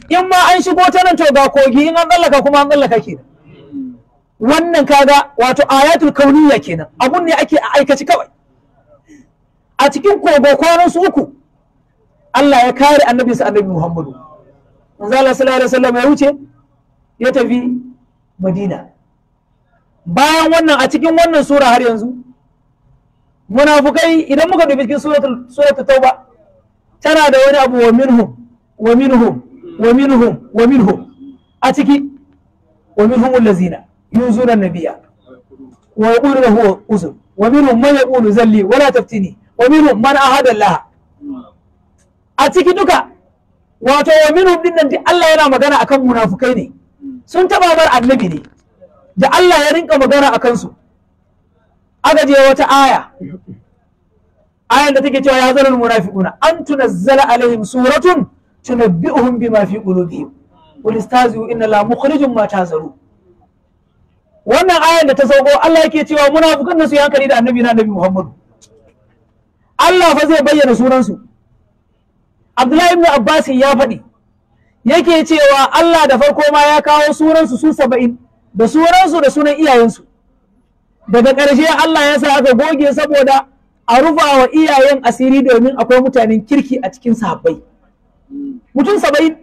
[SPEAKER 2] in ma an shigo ta nan to ga kogi in an tsallaka kuma an tsallaka
[SPEAKER 3] kenan
[SPEAKER 2] wannan kaga wato ayatul kauniyya kenan abun ne ake a aikaci kawai a cikin kogo kwanan su uku Allah ya kare annabinsa annabi Muhammadu manzo Allah sallallahu alaihi wasallam ya wuce ya tafi Madina bayan wannan a cikin wannan sura har yanzu munafukai idan muka dubi cikin suratul suratul tauba tana da wani abu wa minhum wa minhum wa minhum wa minhum a ciki wa minhum allazina yuzuna an-nabiyya wa yaqulu lahu uzur wa minhum man yaqulu zalli wala taftini wa minhum man ahada Allah a ciki duka wato wa minhum din nan Allah yana magana akan munafukai ne sun taba bar annabi ne da Allah ya rinka magana akan su aka je wata aya ayan da take cewa ya zara munafiquna an tunazzala alaihim suratun tunabbi'uhum bima fi qulubihim qul istazu inna la mukhrijum ma tazaru wannan ayan da ta sauko Allah yake cewa munafikan nan su hankali da annabi na annabi Muhammadu Allah fa zai bayyana sunansu Abdullahi ibn Abbas ya faɗi yake cewa Allah da farko ma ya kawo sunansu su saba'in da sunansu da sunan iyayensu daga ƙarshe Allah ya sa aka goge saboda a rufa wa iyayen asiri domin akwai mutanen kirki a cikin sahabbai mutum saba'in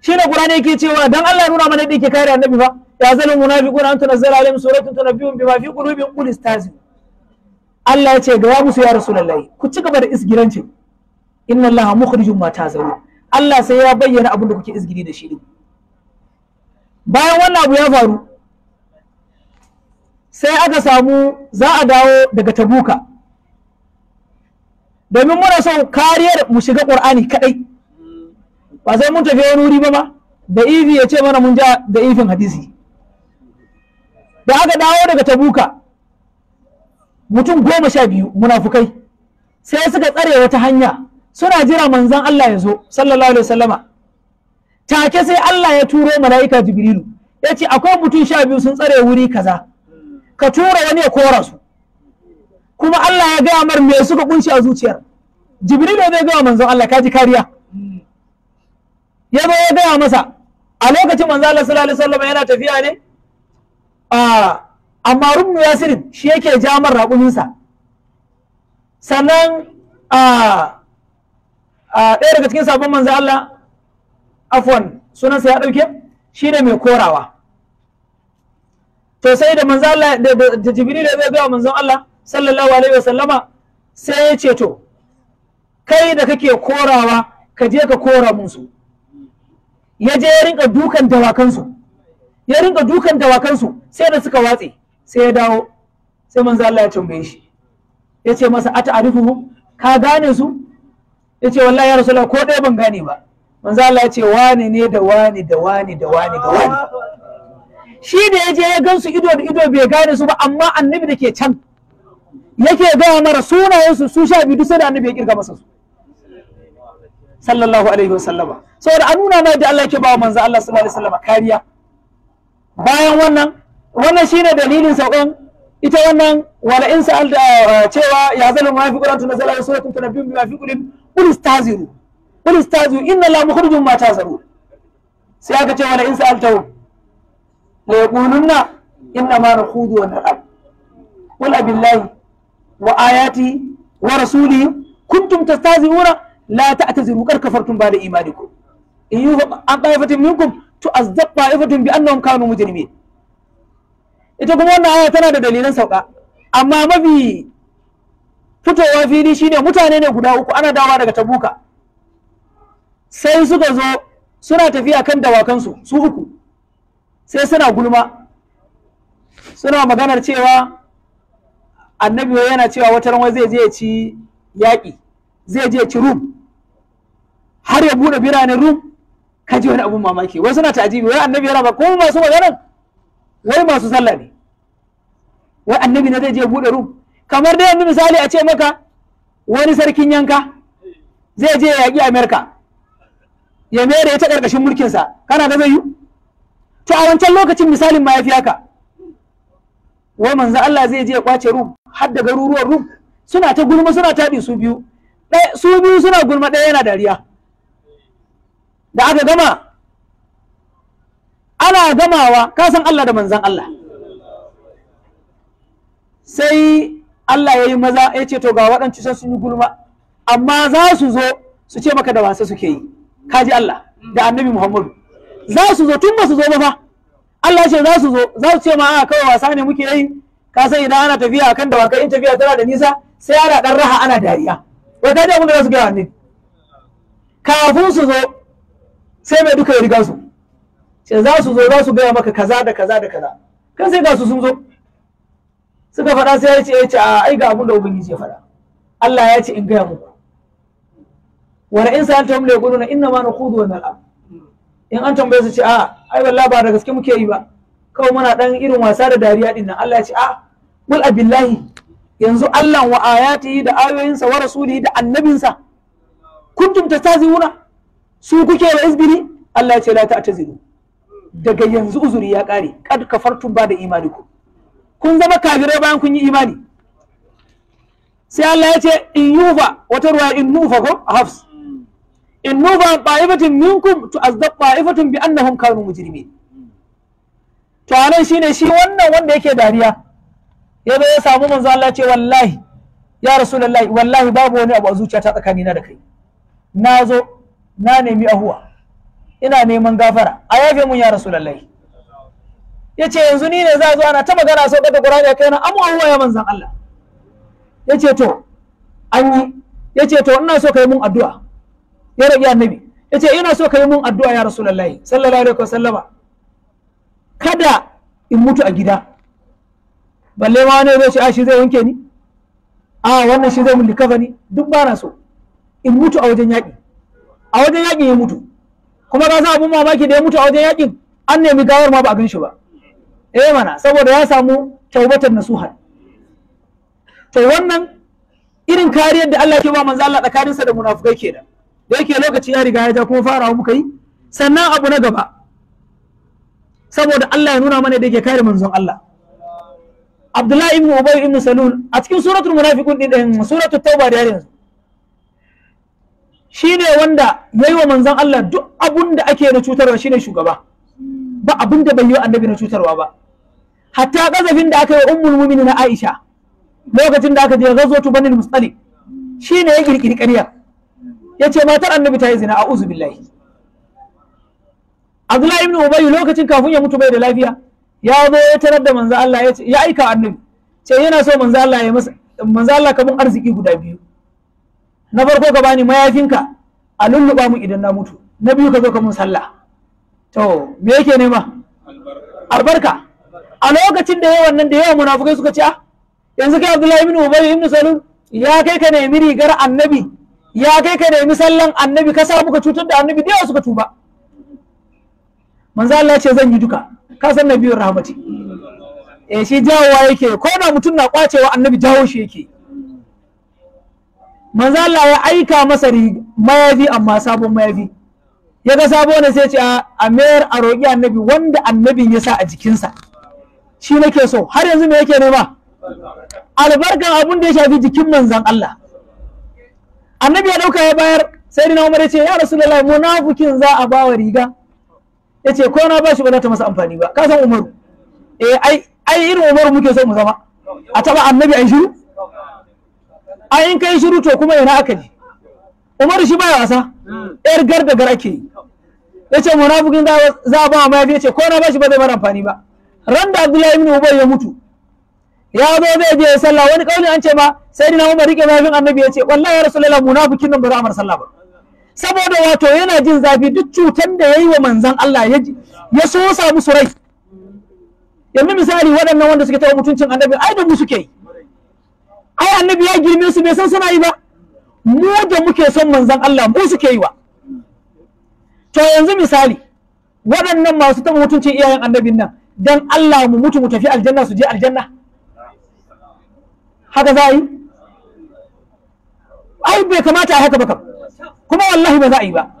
[SPEAKER 2] shi ne Qur'ani yake cewa don Allah ya nuna mana da ke kare annabi ba ya zal munafiqun an tunazzala alaihim suratun tunabbihum bima fi qulubihim qul istazim Allah ya ce ga wa musu ya rasulullahi ku ci gaba da isgiranci inna Allah mukhrijum ma tazawu Allah sai ya bayyana abin da kuke isgiri da shi ne. bayan wannan abu ya faru sai aka samu za a dawo daga tabuka domin muna son kariyar mu shiga ƙur'ani kaɗai ba sai mun tafi wani wuri ba ma da ifi ya ce mana mun ja da ifin hadisi da aka dawo daga tabuka mutum goma sha biyu munafukai sai suka tsare wata hanya suna jira manzan Allah ya zo sallallahu alaihi wasallama take sai Allah ya turo mala'ika jibrilu ya ce akwai mutum sha biyu sun tsare wuri kaza ka tura wani ya kora su kuma Allah ya gaya mar me suka kunshi a zuciyar jibrilu zai gaya manzon Allah kaji kariya ya zo ya gaya masa a lokacin manzon Allah sallallahu alaihi wasallam yana tafiya ne a amma rubnu yasirin shi yake jamar raƙuminsa sannan a ɗaya daga cikin sabon manzon Allah afwan sunansa ya ɗauke shine mai korawa to sai da manzo Allah da jibril ya ga manzon Allah sallallahu alaihi wasallama sai ya ce to kai da kake korawa ka je ka kora musu ya je ya rinka dukan su ya rinka dukan su sai da suka watse sai ya dawo sai manzo Allah ya tambaye shi ya ce masa ata arifuhum ka gane su ya ce wallahi ya rasulullah ko ɗaya ban gane ba manzo Allah ya ce wani ne da wani da wani da wani da wani shi da ya je ya gansu ido da ido bai gane su ba amma annabi da ke can yake gaya mara sunayensu su sha biyu sai da annabi ya kirga masa su sallallahu alaihi wasallama saboda an nuna na da Allah yake ba manzo Allah sallallahu alaihi wasallama kariya bayan wannan wannan shine dalilin saukan ita wannan wala in sa'al da uh, cewa ya zalu ma fi qur'an tunzala suratun tanabbi ma fi qulin qul istaziru qul istaziru inna la mukhrijum ma tazaru sai aka ce wala in sa'al tawb la yaqulunna inna ma nakhudu wa nal'ab qul abillahi wa ayati wa rasulihi kuntum tastahzi'una la ta'taziru qad kafartum ba'da imanikum in yufa an ta'ifatin minkum tu'azzab ta'ifatun bi annahum kanu mujrimin ita kuma wannan aya tana da dalilan sauka amma mafi fitowa fili shine mutane ne guda uku ana dawa daga tabuka sai suka zo suna tafiya kan dawakansu su uku sai suna gulma suna maganar cewa annabi yana cewa wata ran zai je ci yaƙi zai je ci rum har ya bude biranen rum ka ji wani abun mamaki wai suna tajibi wai annabi yana ba kuma masu maganar wai masu sallah ne wai annabi na zai je bude rum kamar dai yanzu misali a ce maka wani sarkin yanka zai je yaƙi amerika ya mere ta ƙarƙashin mulkinsa kana ga zai yi to a wancan lokacin misalin ma fi haka wai manzo Allah zai je ya kwace rum har da garuruwan rum suna ta gulma suna taɗi su biyu su biyu suna gulma ɗaya yana dariya da aka gama ana gamawa ka san Allah da manzan Allah sai Allah ya yi maza ya ce to ga waɗancu sun yi gulma amma za su zo su ce maka da wasa suke yi Ka ji Allah da annabi Muhammadu za su zo tun ba su zo ba fa Allah ce za su zo za su ce ma a ah, kawai wasa ne muke yi ka san idan ana tafiya akan dawakai in tafiya tana da nisa sai ana dan raha ana dariya wai ka ji abin da za su gaya ne kafin su zo sai mai duka ya riga su ce za su zo za su gaya maka kaza da kaza da kaza kan sai ga su sun zo suka faɗa sai ya ce ya ce a ah, ai ga abin da ubangiji ya faɗa Allah ya ce in gaya muku wala in sa'altum la yaquluna inna ma nakhudu wa nal'ab in an tambaye su ce a ai wallahi ba da gaske muke yi ba kawai muna dan irin wasa da dariya din nan Allah ya ce a mul abillahi yanzu Allah wa ayatihi da ayoyinsa wa rasulihi da annabinsa kuntum tastazihuna su kuke wa izbiri Allah ya ce la ta'tazilu daga yanzu uzuri ya kare kad kafartum ba da imaniku kun zama kafirai bayan kun yi imani sai Allah ya ce in yufa wata ruwa in nufa ko hafs in move on ta'ifatin minkum to azdaq ta'ifatun bi annahum kanu mujrimin to anan shine shi wannan wanda yake dariya ya zo ya samu manzo Allah ce wallahi ya rasulullahi wallahi babu wani abu a zuciyata tsakanina da kai na zo na nemi ahuwa ina neman gafara a yafe mun ya rasulullahi ya ce yanzu ni ne za zo ana ta magana sau da Qur'ani kai na amu ahuwa ya manzan Allah ya ce to an yi ya ce to ina so ka yi mun addu'a ya rage annabi ya ce ina so ka yi mun addu'a ya rasulallah sallallahu alaihi wasallama kada in mutu a gida balle ma wani zai ce a shi zai wanke ni a wannan shi zai mun likafa ni duk ba na so in mutu a wajen yaƙi a wajen yaƙin ya mutu kuma ka san abun mamaki da ya mutu a wajen yaƙin an nemi gawar ma ba a gan shi ba eh mana saboda ya samu taubatar nasuha to wannan irin kariyar da Allah ke ba manzo Allah tsakaninsa da munafukai kenan da yake lokaci ya riga ya ja kuma farawa muka yi sannan abu na gaba saboda Allah ya nuna mana da yake kare manzon Allah Abdullahi ibn Ubay ibn Salul a cikin suratul munafiqun din din suratul tauba da yanzu shine wanda yayi wa manzon Allah duk abun da ake da cutarwa shine shugaba ba abun da bai yi annabi na cutarwa ba hatta gazafin da aka yi ummul mu'minin na Aisha lokacin da aka je gazwatu banil mustalik shine ya kirkiri ƙarya ya ce matar annabi ta yi zina a billahi abdullahi ibn ubayy lokacin kafin ya mutu bai da lafiya ya zo ya tarar da manzo Allah ya ce ya aika annabi ce yana so manzo Allah ya masa manzo Allah ka mun arziki guda biyu na farko ka bani mayafinka a lulluba mu idan na mutu na biyu ka zo ka mun sallah to me yake nema albarka a lokacin da yawan nan da yawan munafukai suka ce ah yanzu kai Abdullahi ibn Ubay ibn Salul ya kai ka nemi rigar annabi ya kai ka nemi sallan annabi ka sa muka cutar da annabi da yawa suka tuba manzo Allah ce zan yi duka ka san nabiyyu rahmati eh shi jawowa yake ko na mutum na kwacewa annabi jawo shi yake manzo Allah ya aika masa mayafi amma sabon mayafi ya ga sabo ne sai ce a mayar a roƙi annabi wanda annabi ya sa a jikinsa shi nake so har yanzu me yake nema albarkan abun da ya shafi jikin manzon Allah annabi ya dauka ya bayar sai na umar ya ce ya rasulullahi munafukin za a bawa riga ya ce ko na ba shi ba za ta masa amfani ba ka san umaru eh ai ai irin umaru muke so mu zama a taba annabi ai shiru ai in kai shiru to kuma yana aka ji umaru shi baya wasa yar gar ake yi ya ce munafukin za a ba ma ya ce ko na ba shi ba zai mara amfani ba Randa abdullahi ibn ubay ya mutu ya zo zai je sallah wani kauli an ce ma sai dina umar rike zafin annabi ya ce wallahi ya rasulullah munafikin nan ba za a sallah ba saboda wato yana jin zafi duk cutan da yayi wa manzon Allah ya ya so sa musu rai yanzu misali waɗannan wanda suke taɓa mutuncin annabi ai da mu suke yi ai annabi ya girme su bai san suna yi ba mu da muke son manzon Allah mu suke yi wa to yanzu misali waɗannan masu taɓa mutuncin iyayen annabin nan dan Allah mu mutu mu tafi aljanna su je aljanna haka za a yi ai bai kamata a haka ba kam kuma wallahi ba za a yi ba